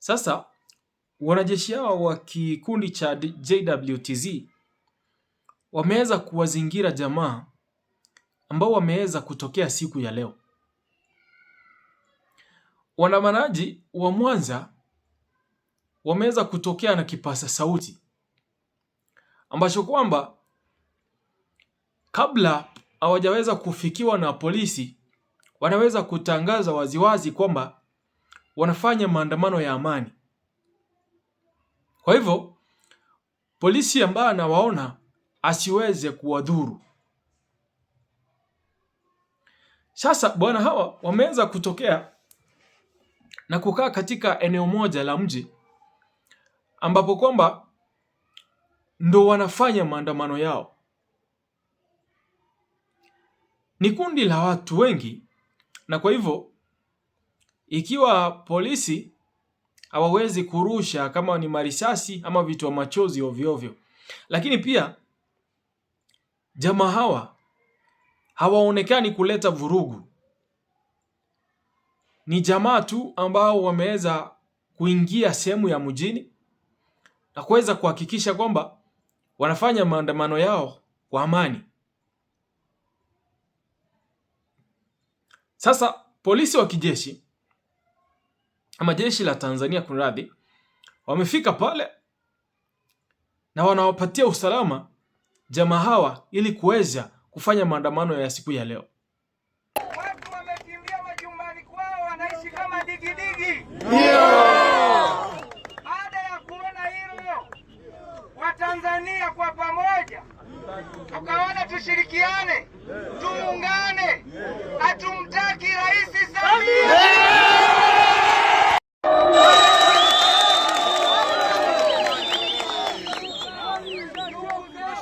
Sasa wanajeshi hao wa kikundi cha JWTZ wameweza kuwazingira jamaa ambao wameweza kutokea siku ya leo. Waandamanaji wa Mwanza wameweza kutokea na kipasa sauti ambacho kwamba kabla hawajaweza kufikiwa na polisi wanaweza kutangaza waziwazi kwamba wanafanya maandamano ya amani. Kwa hivyo polisi ambaye anawaona asiweze kuwadhuru. Sasa bwana hawa wameanza kutokea na kukaa katika eneo moja la mji ambapo kwamba ndo wanafanya maandamano yao. Ni kundi la watu wengi, na kwa hivyo ikiwa polisi hawawezi kurusha kama ni marisasi ama wa machozi ovyo ovyo, lakini pia jamaa hawa hawaonekani kuleta vurugu. Ni jamaa tu ambao wameweza kuingia sehemu ya mjini na kuweza kuhakikisha kwamba wanafanya maandamano yao kwa amani. Sasa polisi wa kijeshi ama jeshi la Tanzania kunradhi, wamefika pale na wanawapatia usalama jamaa hawa ili kuweza kufanya maandamano ya siku ya leo. Watu wamekimbia majumbani kwao, wanaishi kama digidigi.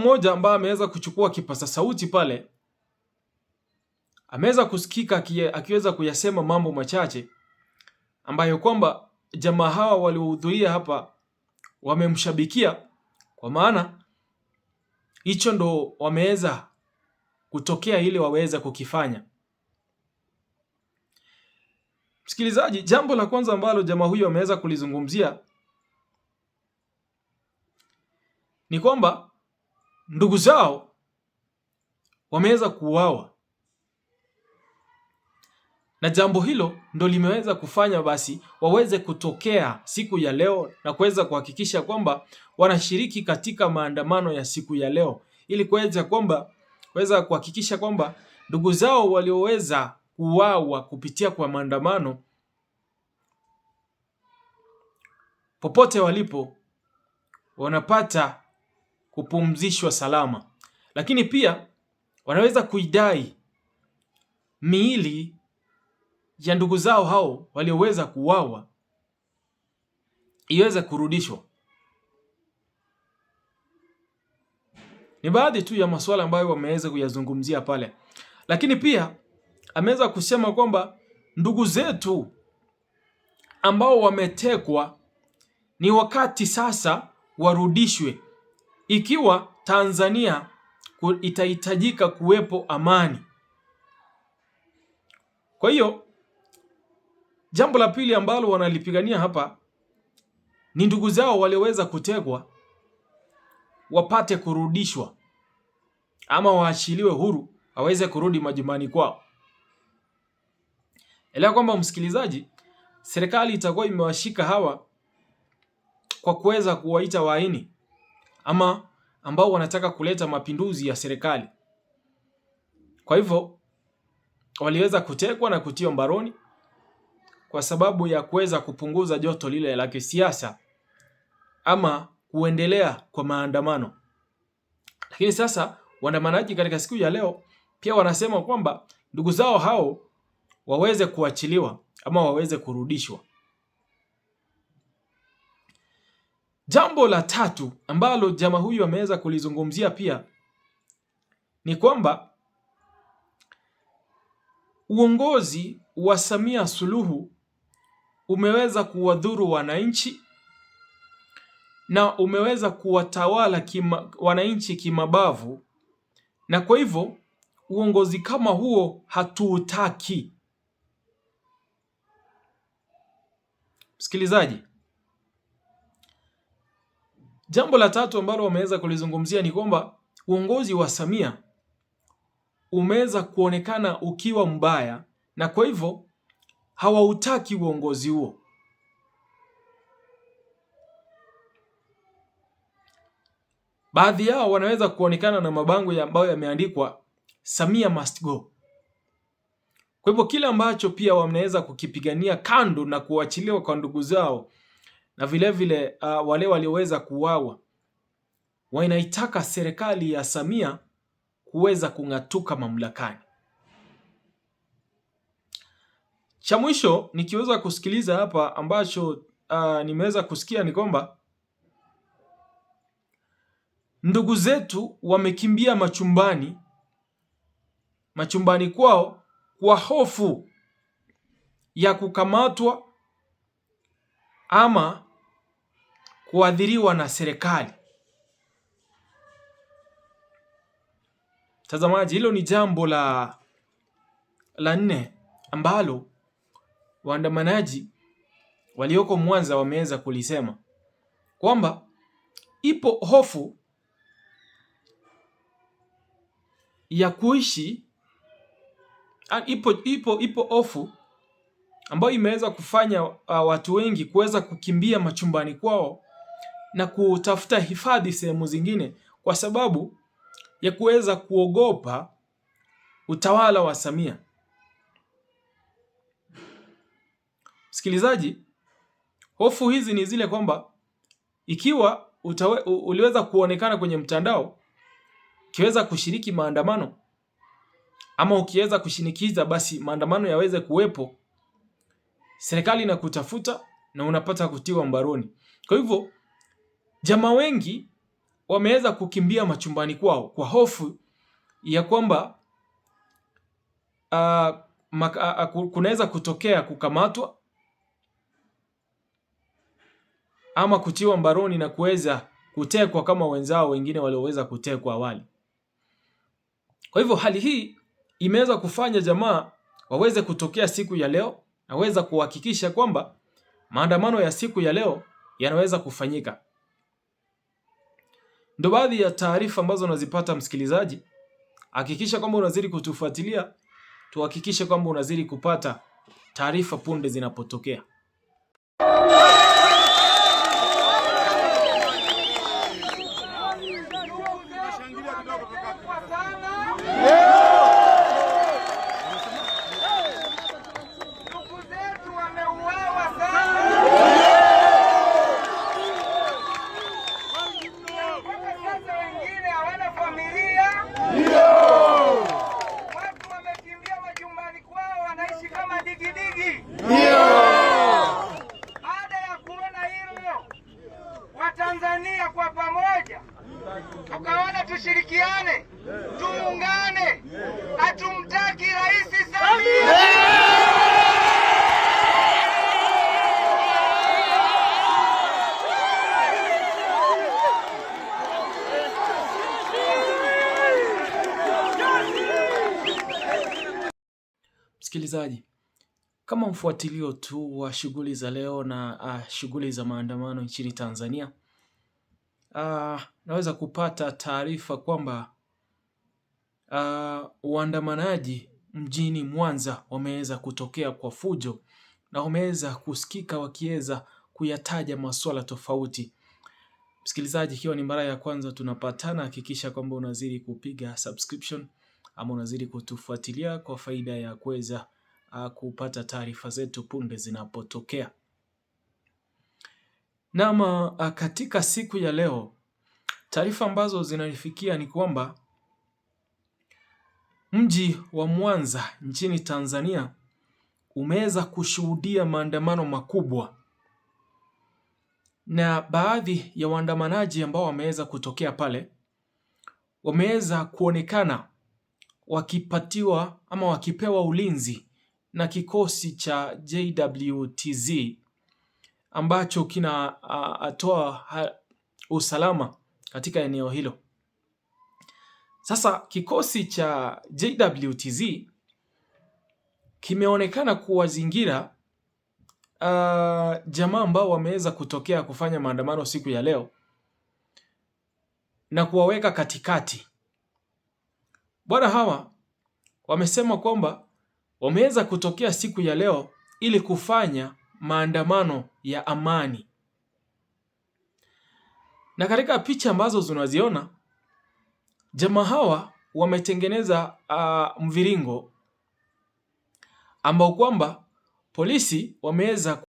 mmoja ambaye ameweza kuchukua kipasa sauti pale ameweza kusikika akiweza kuyasema mambo machache ambayo kwamba jamaa hawa waliohudhuria hapa wamemshabikia, kwa maana hicho ndo wameweza kutokea ili waweza kukifanya. Msikilizaji, jambo la kwanza ambalo jamaa huyo ameweza kulizungumzia ni kwamba ndugu zao wameweza kuuawa, na jambo hilo ndo limeweza kufanya basi waweze kutokea siku ya leo na kuweza kuhakikisha kwamba wanashiriki katika maandamano ya siku ya leo ili kuweza kwamba kuweza kuhakikisha kwamba ndugu zao walioweza kuuawa kupitia kwa maandamano popote walipo wanapata kupumzishwa salama, lakini pia wanaweza kuidai miili ya ndugu zao hao walioweza kuuawa iweze kurudishwa. Ni baadhi tu ya masuala ambayo wameweza kuyazungumzia pale, lakini pia ameweza kusema kwamba ndugu zetu ambao wametekwa ni wakati sasa warudishwe ikiwa Tanzania itahitajika kuwepo amani. Kwa hiyo jambo la pili ambalo wanalipigania hapa ni ndugu zao walioweza kutegwa wapate kurudishwa ama waachiliwe huru waweze kurudi majumbani kwao. Elewa kwamba msikilizaji, serikali itakuwa imewashika hawa kwa kuweza kuwaita waini ama ambao wanataka kuleta mapinduzi ya serikali. Kwa hivyo waliweza kutekwa na kutiwa mbaroni kwa sababu ya kuweza kupunguza joto lile la kisiasa ama kuendelea kwa maandamano. Lakini sasa waandamanaji katika siku ya leo pia wanasema kwamba ndugu zao hao waweze kuachiliwa ama waweze kurudishwa. Jambo la tatu ambalo jamaa huyu ameweza kulizungumzia pia ni kwamba uongozi wa Samia Suluhu umeweza kuwadhuru wananchi na umeweza kuwatawala kima, wananchi kimabavu, na kwa hivyo uongozi kama huo hatuutaki. Msikilizaji, Jambo la tatu ambalo wameweza kulizungumzia ni kwamba uongozi wa Samia umeweza kuonekana ukiwa mbaya, na kwa hivyo hawautaki uongozi huo. Baadhi yao wanaweza kuonekana na mabango ya ambayo yameandikwa Samia must go. Kwa hivyo kile ambacho pia wanaweza kukipigania kando na kuachiliwa kwa ndugu zao na vilevile uh, ah, wale walioweza kuuawa wanaitaka serikali ya Samia kuweza kung'atuka mamlakani. Cha mwisho nikiweza kusikiliza hapa ambacho uh, nimeweza kusikia ni kwamba ndugu zetu wamekimbia machumbani machumbani kwao kwa hofu ya kukamatwa ama kuadhiriwa na serikali. Mtazamaji, hilo ni jambo la la nne ambalo waandamanaji walioko Mwanza wameweza kulisema kwamba ipo hofu ya kuishi ipo, ipo, ipo hofu ambayo imeweza kufanya uh, watu wengi kuweza kukimbia machumbani kwao na kutafuta hifadhi sehemu zingine kwa sababu ya kuweza kuogopa utawala wa Samia. Msikilizaji, hofu hizi ni zile kwamba ikiwa utawe, uliweza kuonekana kwenye mtandao ukiweza kushiriki maandamano ama ukiweza kushinikiza basi maandamano yaweze kuwepo, serikali inakutafuta na unapata kutiwa mbaroni. Kwa hivyo Jamaa wengi wameweza kukimbia machumbani kwao kwa hofu ya kwamba ah, ah, ah, kunaweza kutokea kukamatwa ama kutiwa mbaroni na kuweza kutekwa kama wenzao wengine walioweza kutekwa awali. Kwa hivyo hali hii imeweza kufanya jamaa waweze kutokea siku ya leo, naweza kuhakikisha kwamba maandamano ya siku ya leo yanaweza kufanyika ndo baadhi ya taarifa ambazo unazipata msikilizaji. Hakikisha kwamba unazidi kutufuatilia, tuhakikishe kwamba unazidi kupata taarifa punde zinapotokea. tushirikiane, tuungane, hatumtaki Rais Samia. Msikilizaji, kama mfuatilio tu wa shughuli za leo na uh, shughuli za maandamano nchini Tanzania uh, naweza kupata taarifa kwamba uh, ah, waandamanaji mjini Mwanza wameweza kutokea kwa fujo na wameweza kusikika wakiweza kuyataja masuala tofauti. Msikilizaji, ikiwa ni mara ya kwanza tunapatana, hakikisha kwamba unazidi kupiga subscription ama unazidi kutufuatilia kwa faida ya kuweza uh, kupata taarifa zetu punde zinapotokea. Naam ah, katika siku ya leo, taarifa ambazo zinanifikia ni kwamba mji wa mwanza nchini Tanzania umeweza kushuhudia maandamano makubwa na baadhi ya waandamanaji ambao wameweza kutokea pale wameweza kuonekana wakipatiwa ama wakipewa ulinzi na kikosi cha JWTZ ambacho kinatoa usalama katika eneo hilo. Sasa kikosi cha JWTZ kimeonekana kuwazingira uh, jamaa ambao wameweza kutokea kufanya maandamano siku ya leo na kuwaweka katikati. Bwana hawa wamesema kwamba wameweza kutokea siku ya leo ili kufanya maandamano ya amani. Na katika picha ambazo zunaziona jamaa hawa wametengeneza uh, mviringo ambao kwamba polisi wameweza